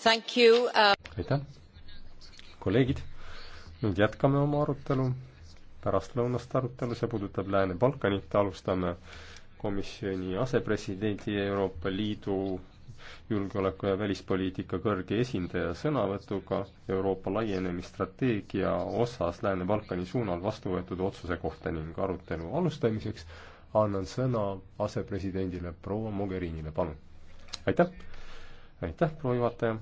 Uh, aitäh, kolleegid. nüüd jätkame oma arutelu, pärastlõunast arutelu, see puudutab Lääne-Balkanit, alustame komisjoni asepresidendi Euroopa Liidu julgeoleku ja välispoliitika kõrge esindaja sõnavõtuga Euroopa laienemisstrateegia osas Lääne-Balkani suunal vastu võetud otsuse kohta ning arutelu alustamiseks annan sõna asepresidendile proua Mogherinile, palun. aitäh! aitäh, proua juhataja!